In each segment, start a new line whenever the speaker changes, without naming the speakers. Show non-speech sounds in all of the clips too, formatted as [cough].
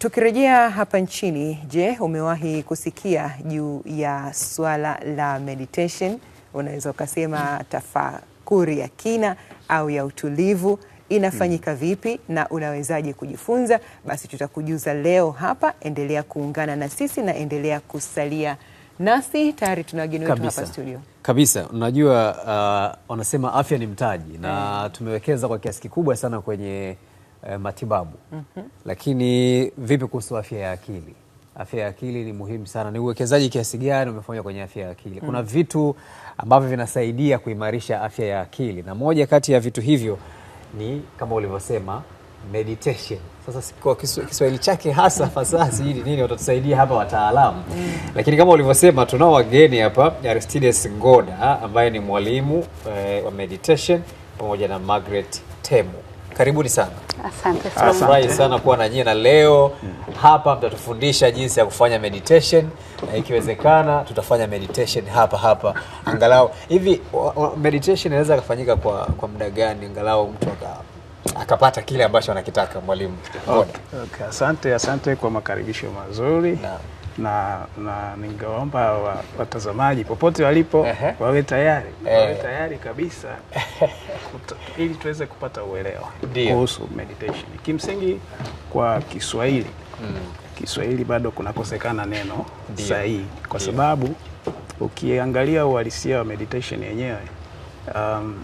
Tukirejea hapa nchini, je, umewahi kusikia juu ya swala la meditation? Unaweza ukasema tafakuri ya kina au ya utulivu. Inafanyika hmm. vipi na unawezaje kujifunza? Basi tutakujuza leo hapa. Endelea kuungana na sisi na endelea kusalia nasi. Tayari tuna wageni wetu hapa studio
kabisa. Unajua, uh, wanasema afya ni mtaji na hmm. tumewekeza kwa kiasi kikubwa sana kwenye eh, matibabu mm -hmm. Lakini vipi kuhusu afya ya akili? Afya ya akili ni muhimu sana. Ni uwekezaji kiasi gani umefanya kwenye afya ya akili? Kuna mm. vitu ambavyo vinasaidia kuimarisha afya ya akili, na moja kati ya vitu hivyo ni kama ulivyosema meditation. Sasa kwa Kiswahili chake hasa fasaha sijui nini, watatusaidia hapa wataalamu mm. Lakini kama ulivyosema, tunao wageni hapa, Aristides Ngoda ambaye ni mwalimu eh, wa meditation pamoja na Margaret Temu Karibuni sana. Asante sana. Nafurahi sana kuwa na nyinyi na leo hapa mtatufundisha jinsi ya kufanya meditation na ikiwezekana tutafanya meditation hapa hapa. Angalau hivi meditation inaweza kufanyika kwa kwa muda gani angalau mtu aka, akapata kile ambacho anakitaka mwalimu? Okay, okay. Asante, asante kwa makaribisho mazuri na, na, na ningeomba watazamaji popote walipo uh -huh. wawe tayari, wawe eh. tayari kabisa [laughs] ili tuweze kupata uelewa kuhusu meditation. Kimsingi kwa Kiswahili mm. Kiswahili bado kunakosekana neno sahihi kwa Dio. sababu ukiangalia uhalisia wa meditation yenyewe um,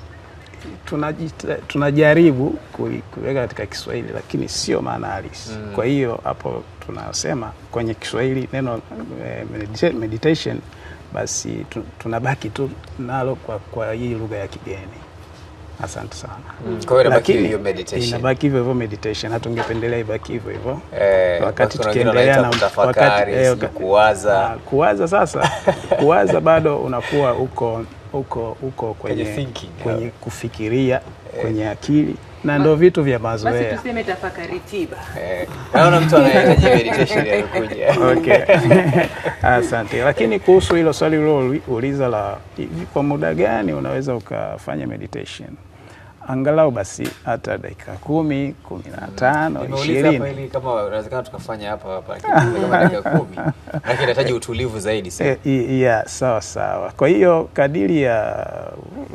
tunajaribu kuiweka katika Kiswahili lakini sio maana halisi mm. Kwa hiyo hapo tunasema kwenye Kiswahili neno eh, meditation basi tunabaki tu nalo kwa, kwa hii lugha ya kigeni. Asante sana. Mm. Kwa hiyo inabaki hivyo meditation. Inabaki hivyo meditation. Hata ibaki hivyo hivyo. Eh, wakati tukiendelea na wakati eh, kuwaza. Ah, kuwaza sasa. [laughs] kuwaza bado unakuwa uko uko uko kwenye, thinking, kwenye kufikiria eh, kwenye akili na ndio vitu vya mazoea. Basi tuseme tafakari tiba. Eh. Naona mtu anahitaji meditation ya kuja. [laughs] Okay. [laughs] Asante. Lakini kuhusu hilo swali ulilouliza la kwa muda gani unaweza ukafanya meditation? angalau basi hata dakika kumi, kumi na mm. tano, ishirini sawa sawa. Kwa hiyo kadiri ya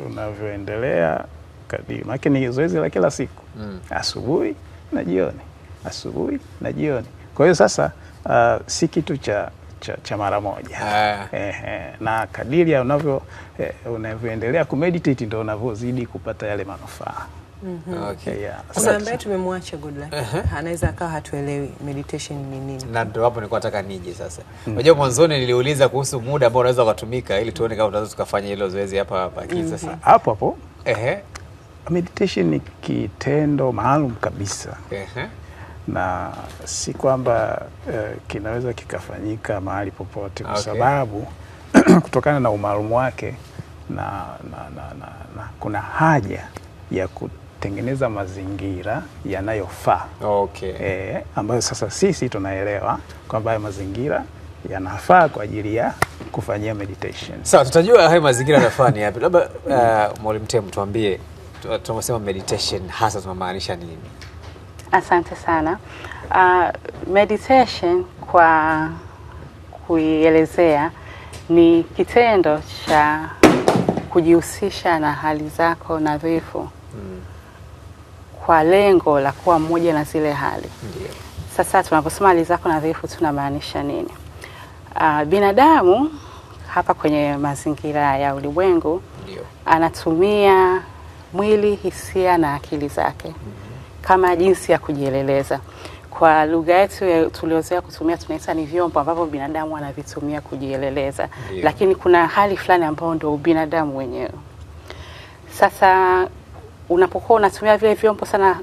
unavyoendelea kadiri, maana ni zoezi la kila siku mm. asubuhi na jioni, asubuhi na jioni. Kwa hiyo sasa uh, si kitu cha cha, cha mara moja ah. eh, eh, na kadiri unavyo eh, unavyoendelea kumeditate ndio unavyozidi kupata yale manufaa. Mm -hmm. Okay. Eh, yeah. Kuna ambaye tumemwacha good luck. Uh -huh. Anaweza akawa hatuelewi meditation ni nini. Na ndio hapo nilikuwa nataka niji sasa. Mm-hmm. Unajua, mm -hmm. mwanzoni niliuliza kuhusu muda ambao unaweza kutumika ili tuone kama tunaweza tukafanya hilo zoezi hapa hapa kisa sasa. mm -hmm. Sasa hapo hapo. Ehe. Meditation ni kitendo maalum kabisa. Ehe na si kwamba eh, kinaweza kikafanyika mahali popote kwa okay, sababu [clears throat] kutokana na umaalumu wake na, na, na, na, na kuna haja ya kutengeneza mazingira yanayofaa okay, eh, ambayo sasa sisi tunaelewa kwamba hayo mazingira yanafaa kwa ajili ya kufanyia meditation. Sawa, tutajua hayo mazingira yanafaa ni yapi. Labda uh, Mwalimu Temu tuambie, tunasema meditation hasa tunamaanisha nini? Asante sana. Uh, meditation kwa kuielezea ni kitendo cha kujihusisha na hali zako nadhifu mm. kwa lengo la kuwa mmoja na zile hali yeah. Sasa tunaposema hali zako nadhifu tunamaanisha nini? Uh, binadamu hapa kwenye mazingira ya ulimwengu yeah. anatumia mwili, hisia na akili zake mm -hmm kama jinsi ya kujieleleza. Kwa lugha yetu tuliozoea kutumia tunaita ni vyombo ambavyo binadamu anavitumia kujieleleza, yeah. Lakini kuna hali fulani ambayo ndio binadamu wenyewe. Sasa unapokuwa unatumia vile vyombo sana,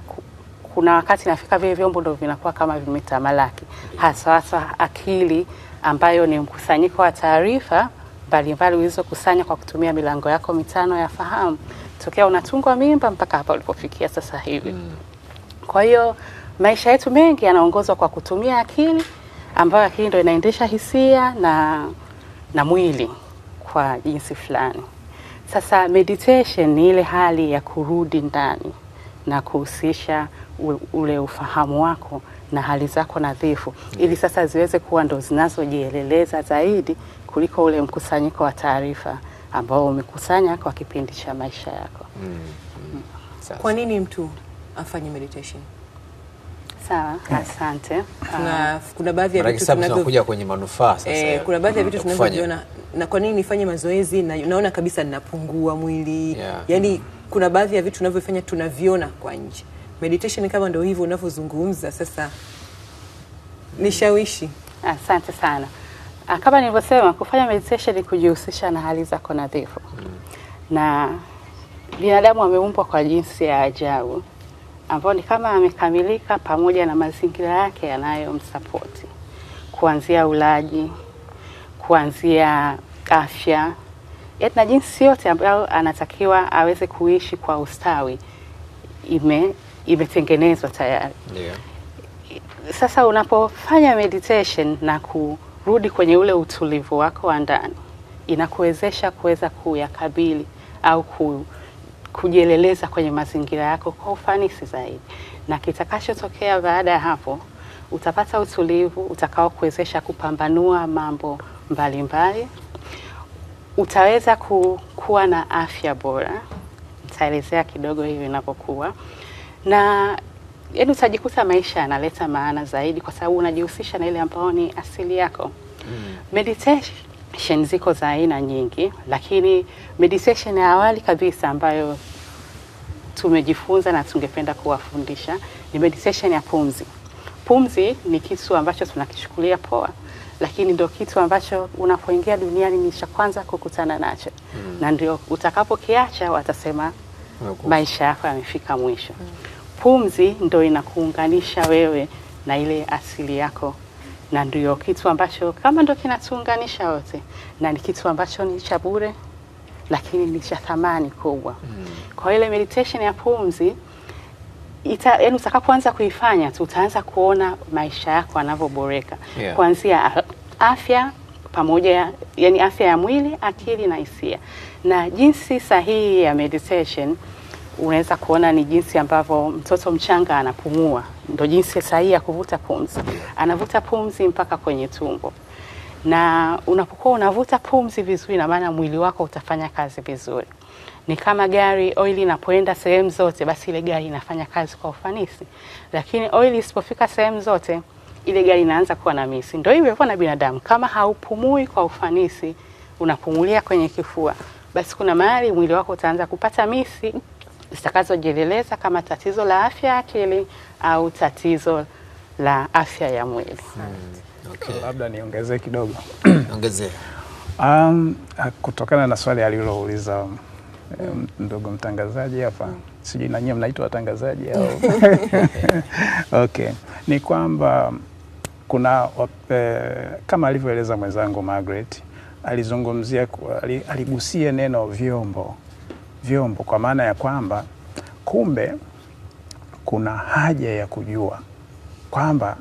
kuna wakati nafika vile vyombo ndio vinakuwa kama vimetamalaki, hasa hasa akili ambayo ni mkusanyiko wa taarifa mbalimbali ulizokusanya kwa kutumia milango yako mitano ya fahamu tokea unatungwa mimba mpaka hapa ulipofikia sasa hivi. mm. Kwa hiyo maisha yetu mengi yanaongozwa kwa kutumia akili, ambayo akili ndio inaendesha hisia na, na mwili kwa jinsi fulani. Sasa meditation ni ile hali ya kurudi ndani na kuhusisha ule ufahamu wako na hali zako nadhifu ili sasa ziweze kuwa ndo zinazojieleleza zaidi kuliko ule mkusanyiko wa taarifa ambao umekusanya kwa kipindi cha maisha yako mm. Mm. Kwa nini mtu afanye meditation. Sawa, asante. Kuna ah. kuna baadhi ya vitu tunavyokuja kwenye manufaa sasa. Eh, kuna baadhi ya vitu tunavyoviona na kwa nini nifanye mazoezi na naona kabisa ninapungua mwili. Yeah. Yaani mm. kuna baadhi ya vitu tunavyofanya tunaviona kwa nje. Meditation kama ndio hivyo unavyozungumza sasa nishawishi. Asante sana. Ah, kama nilivyosema kufanya meditation ni kujihusisha na hali zako nadhifu. Mm. Na binadamu ameumbwa kwa jinsi ya ajabu ambao ni kama amekamilika, pamoja na mazingira yake yanayomsapoti kuanzia ulaji, kuanzia afya yaani na jinsi yote ambayo anatakiwa aweze kuishi kwa ustawi ime imetengenezwa tayari yeah. Sasa unapofanya meditation na kurudi kwenye ule utulivu wako wa ndani, inakuwezesha kuweza kuyakabili au ku kujieleleza kwenye mazingira yako kwa ufanisi zaidi, na kitakachotokea baada ya hapo utapata utulivu utakao kuwezesha kupambanua mambo mbalimbali mbali. Utaweza ku, kuwa na afya bora, nitaelezea kidogo hivi inapokuwa na yaani, utajikuta maisha yanaleta maana zaidi, kwa sababu unajihusisha na ile ambayo ni asili yako mm. Meditation meditation ziko za aina nyingi, lakini meditation ya awali kabisa ambayo tumejifunza na tungependa kuwafundisha ni meditation ya pumzi. Pumzi ni kitu ambacho tunakishukulia poa, lakini ndio kitu ambacho unapoingia duniani ni cha kwanza kukutana nacho mm. na ndio utakapokiacha watasema maisha yako yamefika mwisho mm. Pumzi ndio inakuunganisha wewe na ile asili yako na ndio kitu ambacho kama ndio kinatuunganisha wote, na ni kitu ambacho ni cha bure, lakini ni cha thamani kubwa mm. Kwa ile meditation ya pumzi ita, yani utakapoanza kuifanya tu utaanza kuona maisha yako yanavyoboreka yeah. Kuanzia afya pamoja, yani afya ya mwili, akili na hisia na jinsi sahihi ya meditation unaweza kuona ni jinsi ambavyo mtoto mchanga anapumua, ndo jinsi sahihi ya kuvuta pumzi. Anavuta pumzi mpaka kwenye tumbo, na unapokuwa unavuta pumzi vizuri, na maana mwili wako utafanya kazi vizuri. Ni kama gari, oili inapoenda sehemu zote, basi ile gari inafanya kazi kwa ufanisi, lakini oili isipofika sehemu zote, ile gari inaanza kuwa na misi. Ndio hivyo kwa na binadamu, kama haupumui kwa ufanisi, unapumulia kwenye kifua, basi kuna mahali mwili wako utaanza kupata misi zitakazojieleza kama tatizo la afya ya akili au tatizo la afya ya mwili. Hmm. Okay. Hmm, labda niongezee kidogo [clears throat] Um, kutokana na swali alilouliza mm. ndugu mtangazaji hapa hmm. sijui nanyie mnaitwa watangazaji au [laughs] [laughs] okay, ni kwamba kuna ope, eh, kama alivyoeleza mwenzangu Margaret alizungumzia, aligusia neno vyombo vyombo, kwa maana ya kwamba kumbe kuna haja ya kujua kwamba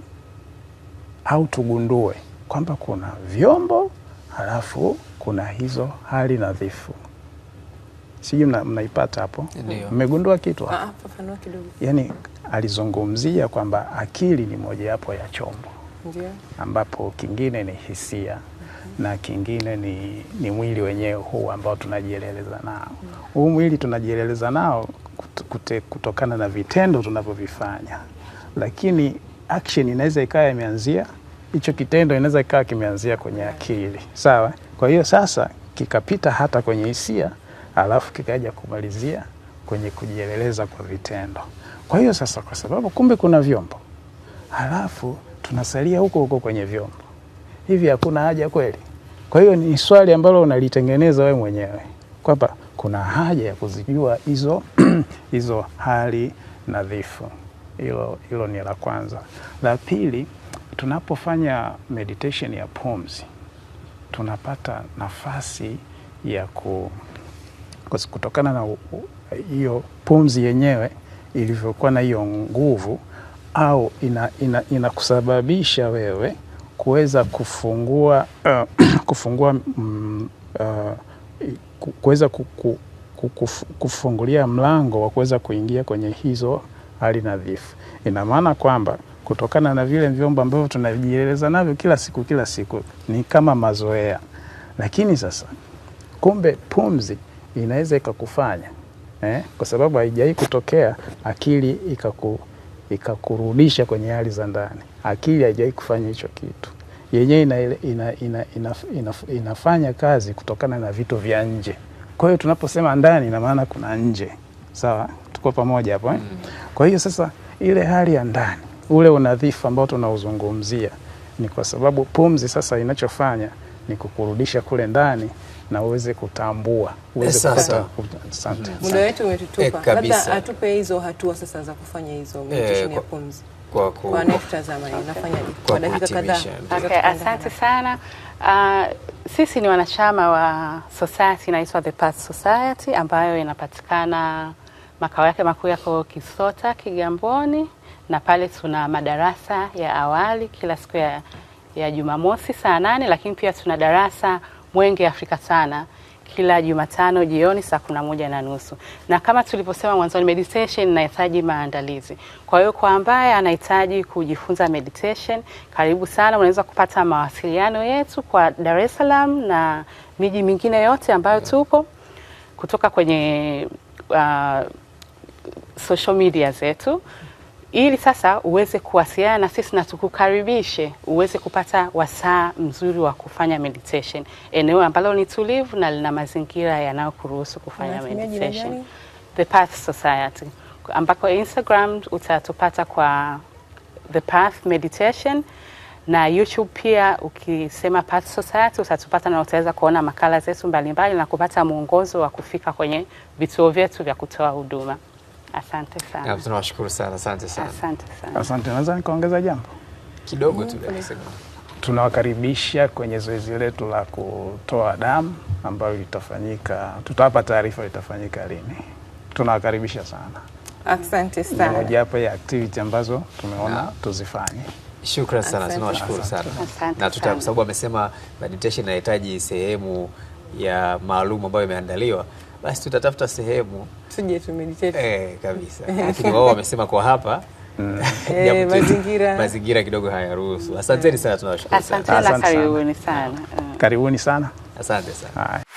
au tugundue kwamba kuna vyombo halafu kuna hizo hali nadhifu. Sijui mnaipata hapo, mmegundua kitu hapo? Ah, yani alizungumzia kwamba akili ni mojawapo ya chombo, ambapo kingine ni hisia na kingine ni, ni mwili wenyewe huu ambao tunajieleleza nao. Huu mm. mwili tunajieleleza nao kute, kutokana na vitendo tunavyovifanya, lakini action inaweza ikawa imeanzia hicho kitendo, inaweza ikawa kimeanzia kwenye akili, sawa. Kwa hiyo sasa kikapita hata kwenye hisia, alafu kikaja kumalizia kwenye kujieleleza kwa vitendo. Kwa hiyo sasa, kwa sababu kumbe kuna vyombo, halafu tunasalia huko huko kwenye vyombo hivi, hakuna haja kweli kwa hiyo ni swali ambalo unalitengeneza wewe mwenyewe kwamba kuna haja ya kuzijua hizo [clears throat] hizo hali nadhifu. Hilo hilo ni la kwanza. La pili, tunapofanya meditation ya pumzi tunapata nafasi ya ku kutokana na hiyo pumzi yenyewe ilivyokuwa na hiyo nguvu au inakusababisha ina, ina wewe kuweza kufungua, uh, [clears throat] kufungua uh, kuweza kufungulia mlango wa kuweza kuingia kwenye hizo hali nadhifu. Ina maana kwamba kutokana na vile vyombo ambavyo tunajieleza navyo kila siku kila siku ni kama mazoea, lakini sasa kumbe pumzi inaweza ikakufanya eh, kwa sababu haijai kutokea akili ikaku, ikakurudisha kwenye hali za ndani. Akili haijawai kufanya hicho kitu yenyewe ina, ina, ina, ina, ina, inafanya kazi kutokana na vitu vya nje. Kwa hiyo tunaposema ndani, ina maana kuna nje. Sawa, tuko pamoja hapo eh? Mm. Kwa hiyo sasa ile hali ya ndani, ule unadhifu ambao tunauzungumzia ni kwa sababu pumzi sasa inachofanya ni kukurudisha kule ndani na uweze kutambua uweze eh, muda wetu umetutupa, eh, labda atupe hizo hatua sasa za kufanya hizo meditation eh, ya pumzi kwa, kwa, kwa, kwa dakika kadhaa. Okay, asante sana. Uh, sisi ni wanachama wa society inaitwa The Path Society ambayo inapatikana makao yake makuu yako Kisota Kigamboni, na pale tuna madarasa ya awali kila siku ya, ya Jumamosi saa nane, lakini pia tuna darasa Mwenge Afrika Sana kila Jumatano jioni saa kumi na moja na nusu na kama tulivyosema mwanzoni, meditation inahitaji maandalizi. Kwa hiyo kwa ambaye anahitaji kujifunza meditation, karibu sana. Unaweza kupata mawasiliano yetu kwa Dar es Salaam na miji mingine yote ambayo tupo kutoka kwenye uh, social media zetu ili sasa uweze kuwasiliana na sisi na tukukaribishe uweze kupata wasaa mzuri wa kufanya meditation, eneo ambalo ni tulivu na lina mazingira yanayokuruhusu kufanya meditation. The Path Society ambako Instagram utatupata kwa The Path Meditation na YouTube pia ukisema Path Society utatupata na utaweza kuona makala zetu mbalimbali na kupata mwongozo wa kufika kwenye vituo vyetu vya kutoa huduma. Asante sana. Tunawashukuru sana, asante sana. Asante sana. Asante. Naweza nikaongeza jambo kidogo tu? Mm, Tunawakaribisha kwenye zoezi letu la kutoa damu ambayo litafanyika, tutawapa taarifa litafanyika lini. Tunawakaribisha sana. Asante sana. Mojawapo ya activity ambazo tumeona tuzifanye. Shukran sana, tunawashukuru sana na tuta, kwa sababu amesema meditation inahitaji sehemu ya maalum ambayo imeandaliwa basi tutatafuta sehemu tuje tumeditate eh, kabisa. [laughs] Lakini wao wamesema kwa hapa Mm. [laughs] Eh, mazingira. mazingira kidogo hayaruhusu. Asanteni sana, tunawashukuru sana. Asante sana. Karibuni sana. sana. Asante sana.